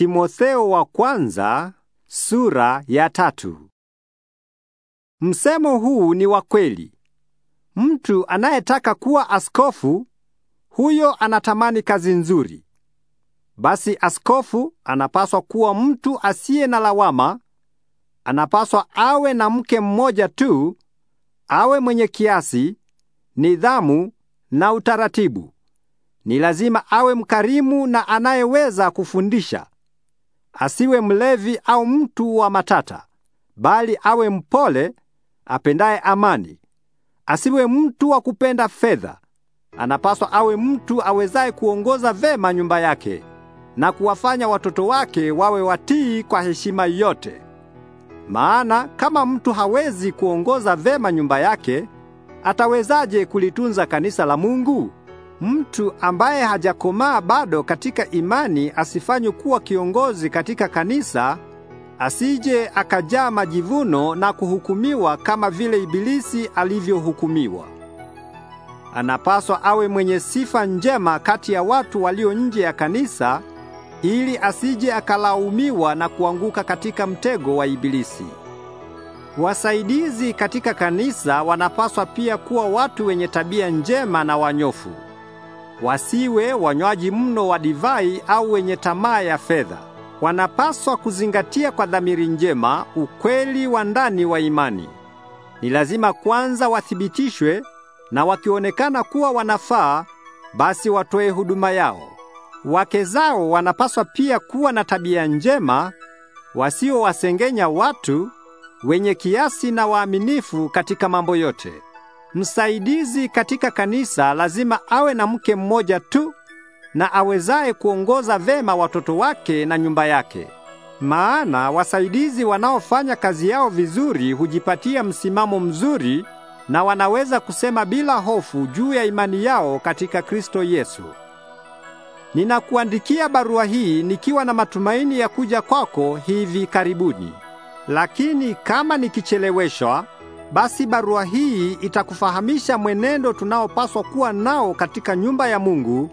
Timotheo wa kwanza sura ya tatu. Msemo huu ni wa kweli. Mtu anayetaka kuwa askofu huyo anatamani kazi nzuri. Basi askofu anapaswa kuwa mtu asiye na lawama, anapaswa awe na mke mmoja tu, awe mwenye kiasi, nidhamu na utaratibu. Ni lazima awe mkarimu na anayeweza kufundisha asiwe mlevi au mtu wa matata, bali awe mpole, apendaye amani. Asiwe mtu wa kupenda fedha, anapaswa awe mtu awezaye kuongoza vema nyumba yake na kuwafanya watoto wake wawe watii kwa heshima yote. Maana kama mtu hawezi kuongoza vema nyumba yake, atawezaje kulitunza kanisa la Mungu? Mtu ambaye hajakomaa bado katika imani asifanywe kuwa kiongozi katika kanisa, asije akajaa majivuno na kuhukumiwa kama vile Ibilisi alivyohukumiwa. Anapaswa awe mwenye sifa njema kati ya watu walio nje ya kanisa ili asije akalaumiwa na kuanguka katika mtego wa Ibilisi. Wasaidizi katika kanisa wanapaswa pia kuwa watu wenye tabia njema na wanyofu. Wasiwe wanywaji mno wa divai au wenye tamaa ya fedha. Wanapaswa kuzingatia kwa dhamiri njema ukweli wa ndani wa imani. Ni lazima kwanza wathibitishwe na wakionekana kuwa wanafaa, basi watoe huduma yao. Wake zao wanapaswa pia kuwa na tabia njema, wasiowasengenya watu, wenye kiasi na waaminifu katika mambo yote. Msaidizi katika kanisa lazima awe na mke mmoja tu na awezaye kuongoza vema watoto wake na nyumba yake. Maana wasaidizi wanaofanya kazi yao vizuri hujipatia msimamo mzuri na wanaweza kusema bila hofu juu ya imani yao katika Kristo Yesu. Ninakuandikia barua hii nikiwa na matumaini ya kuja kwako hivi karibuni. Lakini kama nikicheleweshwa basi barua hii itakufahamisha mwenendo tunaopaswa kuwa nao katika nyumba ya Mungu,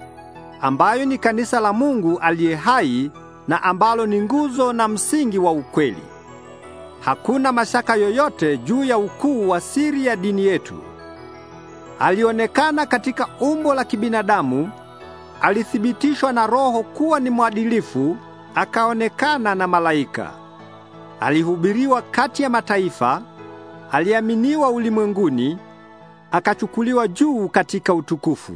ambayo ni kanisa la Mungu aliye hai na ambalo ni nguzo na msingi wa ukweli. Hakuna mashaka yoyote juu ya ukuu wa siri ya dini yetu. Alionekana katika umbo la kibinadamu, alithibitishwa na Roho kuwa ni mwadilifu, akaonekana na malaika. Alihubiriwa kati ya mataifa aliaminiwa ulimwenguni, akachukuliwa juu katika utukufu.